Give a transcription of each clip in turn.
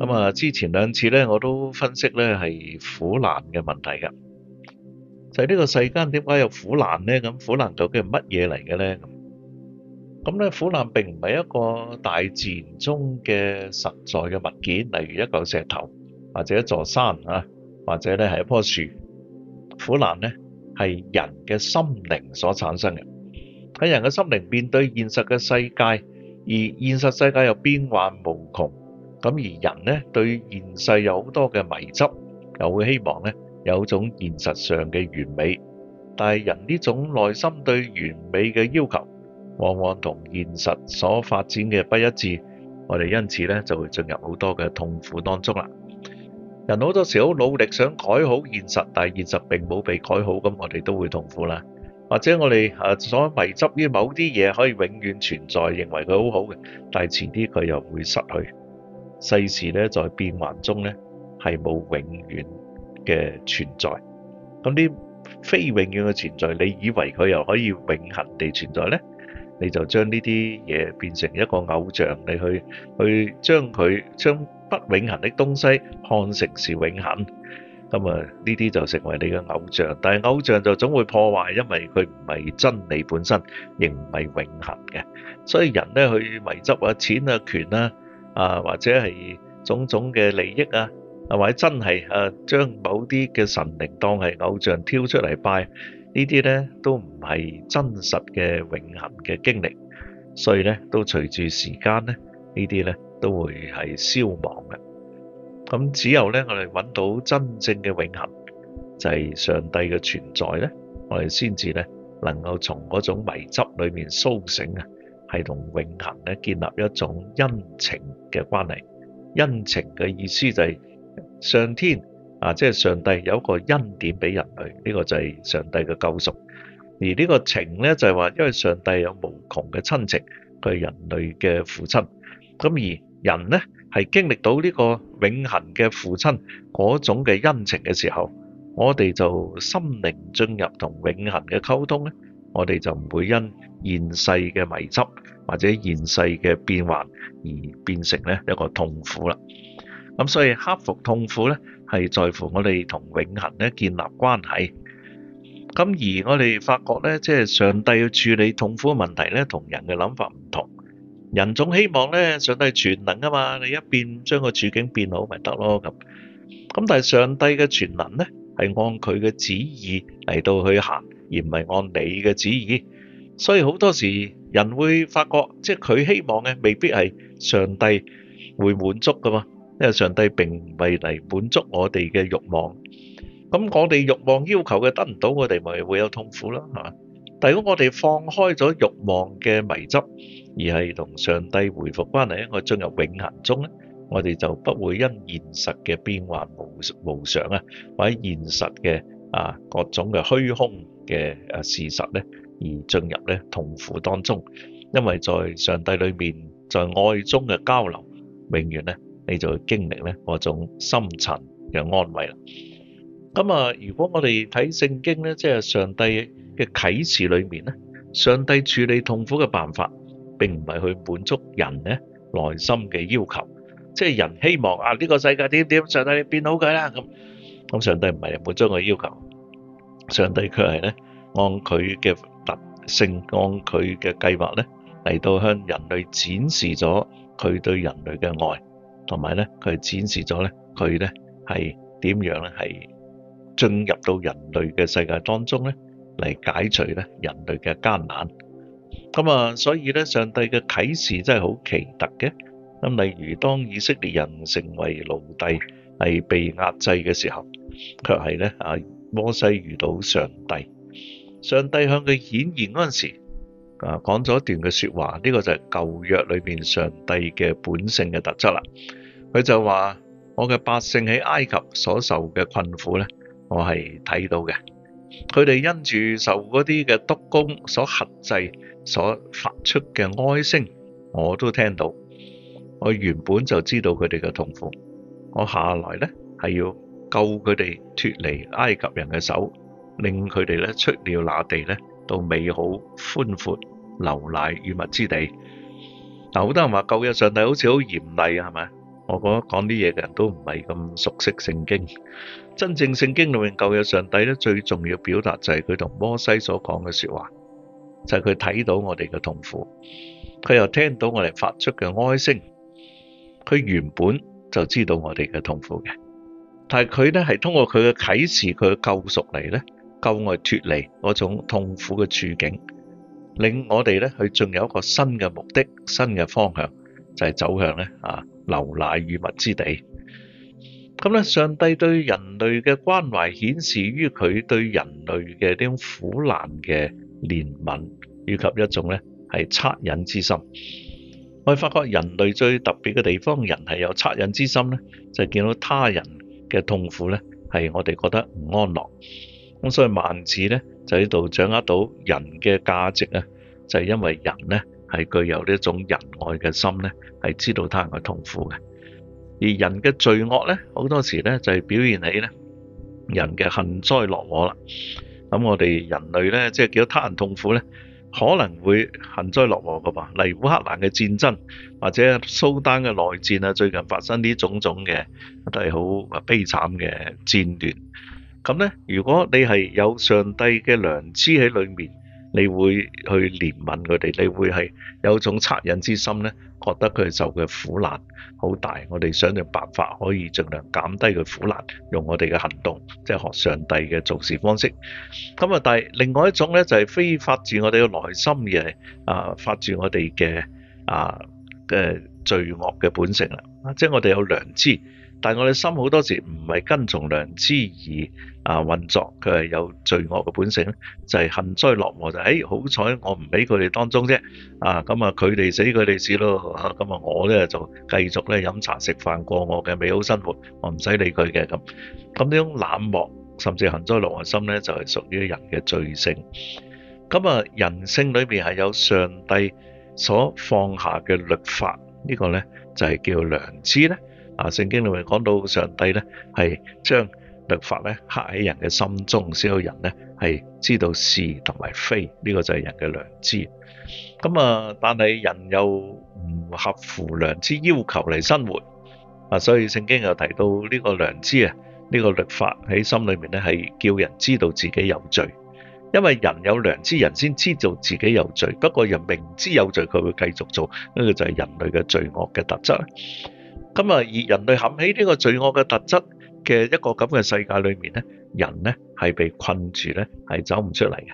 咁啊，之前兩次咧，我都分析咧係苦難嘅問題嘅。就係呢個世間，點解有苦難咧？咁苦難究竟係乜嘢嚟嘅咧？咁咧，苦難並唔係一個大自然中嘅實在嘅物件，例如一嚿石頭，或者一座山啊，或者咧係一棵樹。苦難咧係人嘅心靈所產生嘅。喺人嘅心靈面對現實嘅世界，而現實世界又變幻無窮。咁而人呢，對現世有好多嘅迷執，又會希望呢，有種現實上嘅完美。但係人呢種內心對完美嘅要求，往往同現實所發展嘅不一致。我哋因此呢，就會進入好多嘅痛苦當中啦。人好多時候好努力想改好現實，但係現實並冇被改好，咁我哋都會痛苦啦。或者我哋誒所迷執於某啲嘢可以永遠存在，認為佢好好嘅，但係遲啲佢又會失去。世事咧，在變幻中咧，係冇永遠嘅存在。咁啲非永遠嘅存在，你以為佢又可以永恆地存在呢？你就將呢啲嘢變成一個偶像，你去去將佢將不永恆嘅東西看成是永恆。咁啊，呢啲就成為你嘅偶像。但係偶像就總會破壞，因為佢唔係真理本身，亦唔係永恆嘅。所以人咧去迷執啊、錢啊、權啊。啊，或者係種種嘅利益啊，或者真係啊，將某啲嘅神靈當係偶像挑出嚟拜，呢啲咧都唔係真實嘅永恆嘅經歷，所以咧都隨住時間咧，呢啲咧都會係消亡嘅。咁只有咧，我哋揾到真正嘅永恆，就係上帝嘅存在咧，我哋先至咧能夠從嗰種迷執裏面甦醒啊！係同永恒咧建立一種恩情嘅關係，恩情嘅意思就係上天啊，即係上帝有個恩典俾人類，呢個就係上帝嘅救贖。而呢個情咧就係話，因為上帝有無窮嘅親情，佢係人類嘅父親。咁而人咧係經歷到呢個永恒嘅父親嗰種嘅恩情嘅時候，我哋就心靈進入同永恒嘅溝通咧。我哋就唔會因現世嘅迷執或者現世嘅變幻而變成咧一個痛苦啦。咁所以克服痛苦咧，係在乎我哋同永恒咧建立關係。咁而我哋發覺咧，即係上帝要處理痛苦嘅問題咧，同人嘅諗法唔同。人總希望咧，上帝全能啊嘛，你一變將個處境變好咪得咯咁。咁但係上帝嘅全能咧，係按佢嘅旨意嚟到去行。而唔係按你嘅旨意，所以好多時人會發覺，即係佢希望嘅未必係上帝會滿足㗎嘛，因為上帝並唔係嚟滿足我哋嘅慾望。咁我哋慾望要求嘅得唔到，我哋咪會有痛苦囉吓。但係如果我哋放開咗慾望嘅迷執，而係同上帝回復關係，我進入永恆中咧，我哋就不會因現實嘅變幻無無常啊，或者現實嘅。啊，各種嘅虛空嘅啊事實咧，而進入咧痛苦當中，因為在上帝裏面，在愛中嘅交流，永遠咧你就會經歷咧嗰種深層嘅安慰啦。咁啊，如果我哋睇聖經咧，即係上帝嘅啟示裏面咧，上帝處理痛苦嘅辦法並唔係去滿足人咧內心嘅要求，即係人希望啊呢個世界點點，上帝你變好佢啦咁。咁上帝唔係冇將佢要求，上帝卻係咧按佢嘅特性，按佢嘅計劃咧嚟到向人類展示咗佢對人類嘅愛，同埋咧佢展示咗咧佢咧係點樣咧係進入到人類嘅世界當中咧嚟解除咧人類嘅艱難。咁啊，所以咧上帝嘅啟示真係好奇特嘅。咁例如當以色列人成為奴隸係被壓制嘅時候。卻係咧，阿摩西遇到上帝，上帝向佢顯現嗰陣時候，啊，講咗一段嘅說話。呢個就係舊約裏邊上帝嘅本性嘅特質啦。佢就話：我嘅百姓喺埃及所受嘅困苦咧，我係睇到嘅。佢哋因住受嗰啲嘅督工所轄制所發出嘅哀聲，我都聽到。我原本就知道佢哋嘅痛苦。我下來咧係要，救佢哋脫離埃及人嘅手，令佢哋咧出了那地咧，到美好寬闊流奶與蜜之地。嗱，好多人話舊約上帝好似好嚴厲啊，係咪？我覺得講啲嘢嘅人都唔係咁熟悉聖經。真正聖經裏面舊約上帝咧最重要表達就係佢同摩西所講嘅説話，就係佢睇到我哋嘅痛苦，佢又聽到我哋發出嘅哀聲，佢原本就知道我哋嘅痛苦嘅。但係佢咧係通過佢嘅啟示，佢嘅救贖嚟咧救我脫離嗰種痛苦嘅處境，令我哋咧去仲有一個新嘅目的、新嘅方向，就係、是、走向咧啊流奶與蜜之地。咁咧，上帝對人類嘅關懷顯示於佢對人類嘅呢種苦難嘅憐憫，以及一種咧係惻隱之心。我哋發覺人類最特別嘅地方，人係有惻隱之心咧，就係、見到他人。嘅痛苦咧，係我哋覺得唔安樂，咁所以孟子咧就喺度掌握到人嘅價值呢就係、是、因為人咧係具有人呢一種仁愛嘅心咧，係知道他人嘅痛苦嘅。而人嘅罪惡咧，好多時咧就係、是、表現起咧人嘅幸災樂禍啦。咁我哋人類咧，即、就、係、是、叫他人痛苦咧。可能會幸災樂禍㗎嘛？例如烏克蘭嘅戰爭，或者蘇丹嘅內戰啊，最近發生啲種種嘅，都係好悲慘嘅戰亂。咁咧，如果你係有上帝嘅良知喺裏面，你會去憐憫佢哋，你會係有種惻隱之心咧，覺得佢受嘅苦難好大，我哋想盡辦法可以盡量減低佢苦難，用我哋嘅行動，即係學上帝嘅做事方式。咁啊，但係另外一種咧，就係、是、非發自我哋嘅內心嘅，啊發自我哋嘅啊嘅罪惡嘅本性啦、啊，即係我哋有良知。但係我哋心好多時唔係跟從良知而啊運作，佢係有罪惡嘅本性咧，就係、是、幸災樂禍，就係、欸、好彩我唔俾佢哋當中啫啊！咁啊，佢哋死佢哋死咯，咁啊我咧就繼續咧飲茶食飯過我嘅美好生活，我唔使理佢嘅咁。咁呢種冷漠甚至幸災樂禍心咧，就係、是、屬於人嘅罪性。咁啊，人性裏面係有上帝所放下嘅律法，這個、呢個咧就係叫良知咧。啊！聖經裏面講到上帝咧，係將律法咧刻喺人嘅心中，先有人咧係知道是同埋非。呢個就係人嘅良知。咁啊，但係人又唔合乎良知要求嚟生活啊，所以聖經又提到呢個良知啊，呢個律法喺心裏面咧係叫人知道自己有罪。因為人有良知，人先知道自己有罪。不過人明知有罪，佢會繼續做，呢個就係人類嘅罪惡嘅特質。咁啊！而人類冚起呢個罪惡嘅特質嘅一個咁嘅世界裏面咧，人咧係被困住咧，係走唔出嚟嘅。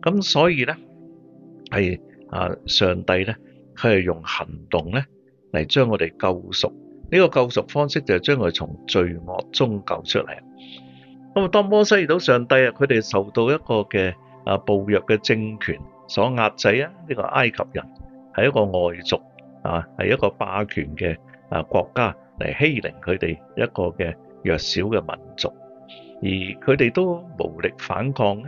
咁所以咧係啊，上帝咧佢係用行動咧嚟將我哋救贖。呢個救贖方式就係將佢從罪惡中救出嚟。咁啊，當摩西遇到上帝啊，佢哋受到一個嘅啊暴虐嘅政權所壓制啊，呢個埃及人係一個外族啊，係一個霸權嘅。啊！國家嚟欺凌佢哋一個嘅弱小嘅民族，而佢哋都無力反抗嘅。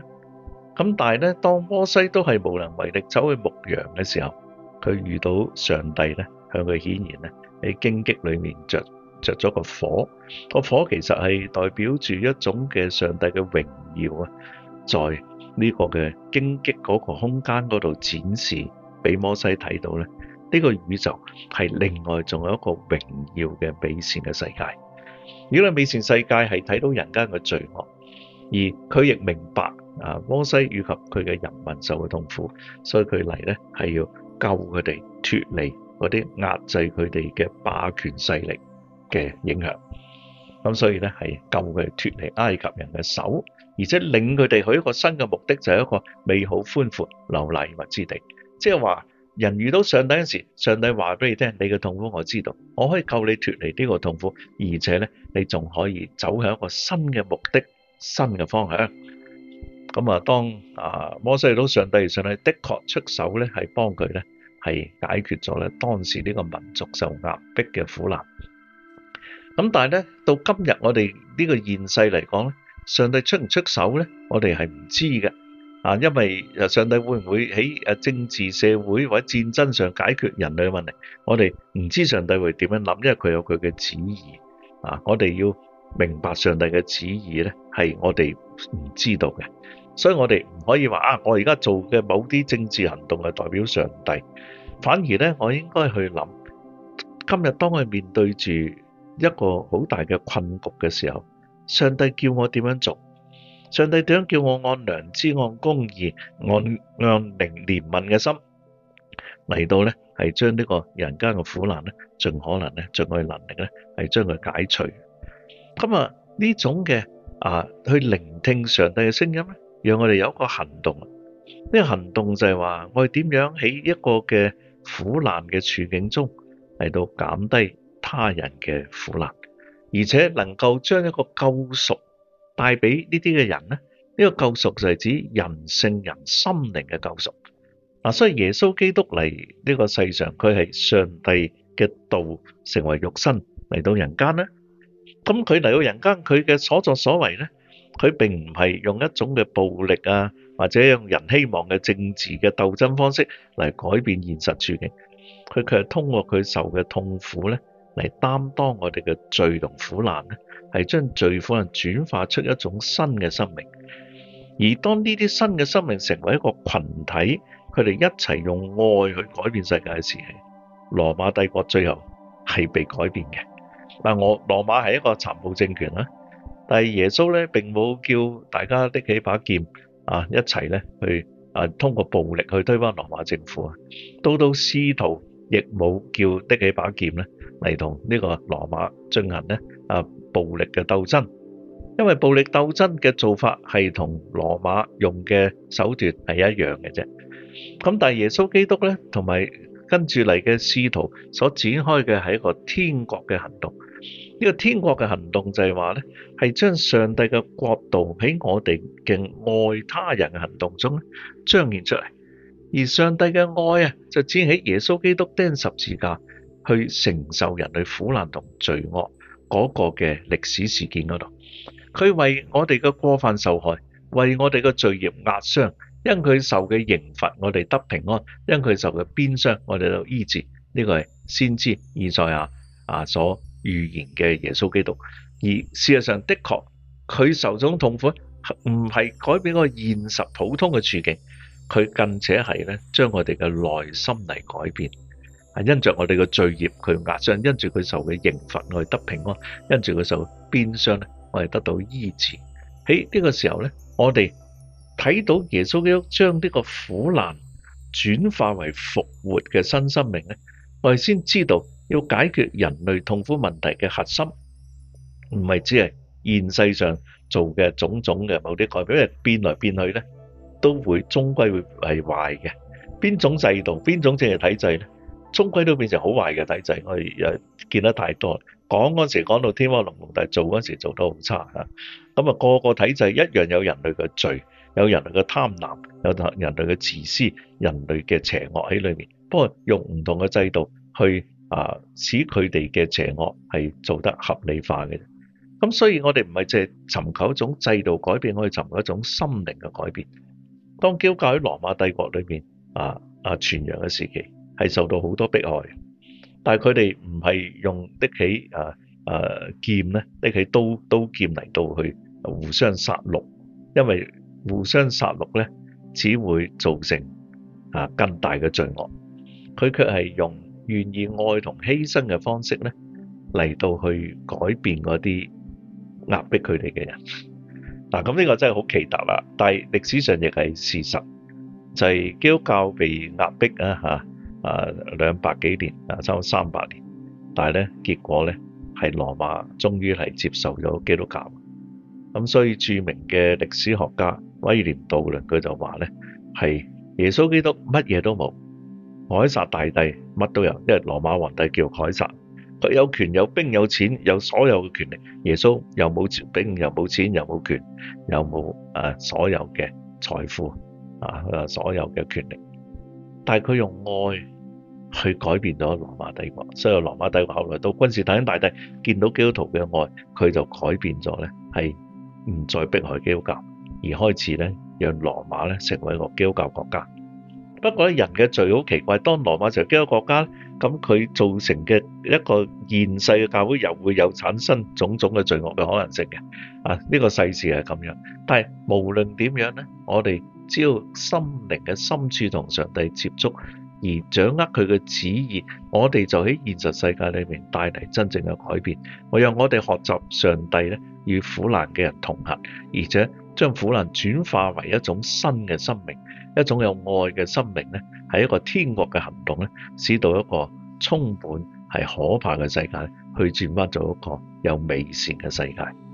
咁但係咧，當摩西都係無能為力走去牧羊嘅時候，佢遇到上帝咧，向佢顯現咧，喺荊棘裏面着着咗個火。個火其實係代表住一種嘅上帝嘅榮耀啊，在呢個嘅荊棘嗰個空間嗰度展示俾摩西睇到咧。呢個宇宙係另外仲有一個榮耀嘅美善嘅世界。如果係美善世界，係睇到人間嘅罪惡，而佢亦明白啊，摩西以及佢嘅人民受嘅痛苦，所以佢嚟呢係要救佢哋脫離嗰啲壓制佢哋嘅霸權勢力嘅影響。咁所以呢係救佢哋脫離埃及人嘅手，而且領佢哋去一個新嘅目的，就係一個美好寬闊、流奶與蜜之地，即係話。人遇到上帝嗰時候，上帝話俾你聽，你嘅痛苦我知道，我可以救你脫離呢個痛苦，而且咧，你仲可以走向一個新嘅目的、新嘅方向。咁啊，當啊摩西遇到上帝，上帝的確出手咧，係幫佢咧，係解決咗咧當時呢個民族受壓迫嘅苦難。咁但係咧，到今日我哋呢個現世嚟講咧，上帝出唔出手咧，我哋係唔知嘅。啊，因為誒，上帝會唔會喺誒政治社會或者戰爭上解決人類嘅問題？我哋唔知上帝會點樣諗，因為佢有佢嘅旨意啊。我哋要明白上帝嘅旨意咧，係我哋唔知道嘅，所以我哋唔可以話啊，我而家做嘅某啲政治行動係代表上帝，反而咧，我應該去諗今日當我面對住一個好大嘅困局嘅時候，上帝叫我點樣做？上帝點樣叫我按良知、按公義、按按憐憫嘅心嚟到咧，係將呢個人間嘅苦難咧，盡可能咧，盡我能力咧，係將佢解除。咁、嗯、啊，呢種嘅啊，去聆聽上帝嘅聲音，讓我哋有一個行動。呢、這個行動就係話，我哋點樣喺一個嘅苦難嘅處境中嚟到減低他人嘅苦難，而且能夠將一個救贖。帶俾呢啲嘅人咧，呢個救贖就係指人性人心靈嘅救贖。嗱，雖然耶穌基督嚟呢個世上，佢係上帝嘅道成為肉身嚟到人間咧，咁佢嚟到人間佢嘅所作所為咧，佢並唔係用一種嘅暴力啊，或者用人希望嘅政治嘅鬥爭方式嚟改變現實處境，佢卻係通過佢受嘅痛苦咧，嚟擔當我哋嘅罪同苦難咧。係將罪犯轉化出一種新嘅生命，而當呢啲新嘅生命成為一個群體，佢哋一齊用愛去改變世界嘅時期，羅馬帝國最後係被改變嘅。但我羅馬係一個殘暴政權啦，但係耶穌咧並冇叫大家拎起把劍一起呢啊一齊咧去啊通過暴力去推翻羅馬政府啊。到到司徒亦冇叫拎起把劍咧嚟同呢個羅馬進行咧。暴力嘅鬥爭，因為暴力鬥爭嘅做法係同羅馬用嘅手段係一樣嘅啫。咁但係耶穌基督咧，同埋跟住嚟嘅師徒所展開嘅係一個天國嘅行動。呢、這個天國嘅行動就係話咧，係將上帝嘅國度喺我哋嘅愛他人嘅行動中彰顯出嚟。而上帝嘅愛啊，就只喺耶穌基督釘十字架去承受人類苦難同罪惡。嗰個嘅歷史事件嗰度，佢為我哋嘅過犯受害，為我哋嘅罪孽壓傷，因佢受嘅刑罰，我哋得平安；因佢受嘅鞭傷，我哋得醫治。呢、這個係先知以賽亞所預言嘅耶穌基督，而事實上的確，佢受種痛苦唔係改變個現實普通嘅處境，佢更且係咧將我哋嘅內心嚟改變。因着我哋嘅罪孽，佢壓傷；因着佢受嘅刑罰，我哋得平安；因着佢受鞭傷咧，我哋得到醫治。喺呢個時候咧，我哋睇到耶穌基督將呢個苦難轉化為復活嘅新生命咧，我哋先知道要解決人類痛苦問題嘅核心，唔係只係現世上做嘅種種嘅某啲改變，因為變來變去咧都會終歸會係壞嘅。邊種制度，邊種政治體制咧？終歸都變成好壞嘅體制，我哋又見得太多。講嗰時講到天花龍鳳，但做嗰時候做得好差吓，咁啊個個體制一樣有人類嘅罪，有人類嘅貪婪，有人類嘅自私、人類嘅邪惡喺裏面。不過用唔同嘅制度去啊，使佢哋嘅邪惡係做得合理化嘅。咁所以我哋唔係淨係尋求一種制度改變，我哋尋求一種心靈嘅改變。當基督教喺羅馬帝國裏邊啊啊傳揚嘅時期。係受到好多迫害，但係佢哋唔係用的起啊，啊劍咧，的起刀刀劍嚟到去互相殺戮，因為互相殺戮咧只會造成啊更大嘅罪惡。佢卻係用願意愛同犧牲嘅方式咧嚟到去改變嗰啲壓迫佢哋嘅人。嗱，啊，咁呢個真係好奇特啦。但係歷史上亦係事實，就係基督教被壓迫啊吓。啊，兩百幾年啊，差唔多三百年，但係咧，結果咧，係羅馬終於係接受咗基督教。咁所以著名嘅歷史學家威廉杜倫佢就話咧，係耶穌基督乜嘢都冇，凱撒大帝乜都有，因為羅馬皇帝叫凱撒，佢有權有兵有錢有所有嘅權力，耶穌又冇兵又冇錢又冇權又冇誒所有嘅財富啊，所有嘅權力，但係佢用愛去改變咗羅馬帝國，所以羅馬帝國後來到君士坦丁大帝見到基督徒嘅愛，佢就改變咗咧，係唔再迫害基督教，而開始咧讓羅馬咧成為一個基督教國家。不過咧人嘅罪好奇怪，當羅馬成為基督教國家，咁佢造成嘅一個現世嘅教會又會有產生種種嘅罪惡嘅可能性嘅。啊，呢個世事係咁樣。但係無論點樣咧，我哋只要心靈嘅深處同上帝接觸。而掌握佢嘅旨意，我哋就喺現實世界裏面帶嚟真正嘅改變。我讓我哋學習上帝咧，與苦難嘅人同行，而且將苦難轉化為一種新嘅生命，一種有愛嘅生命咧，係一個天國嘅行動咧，使到一個充滿係可怕嘅世界，去轉翻做一個有美善嘅世界。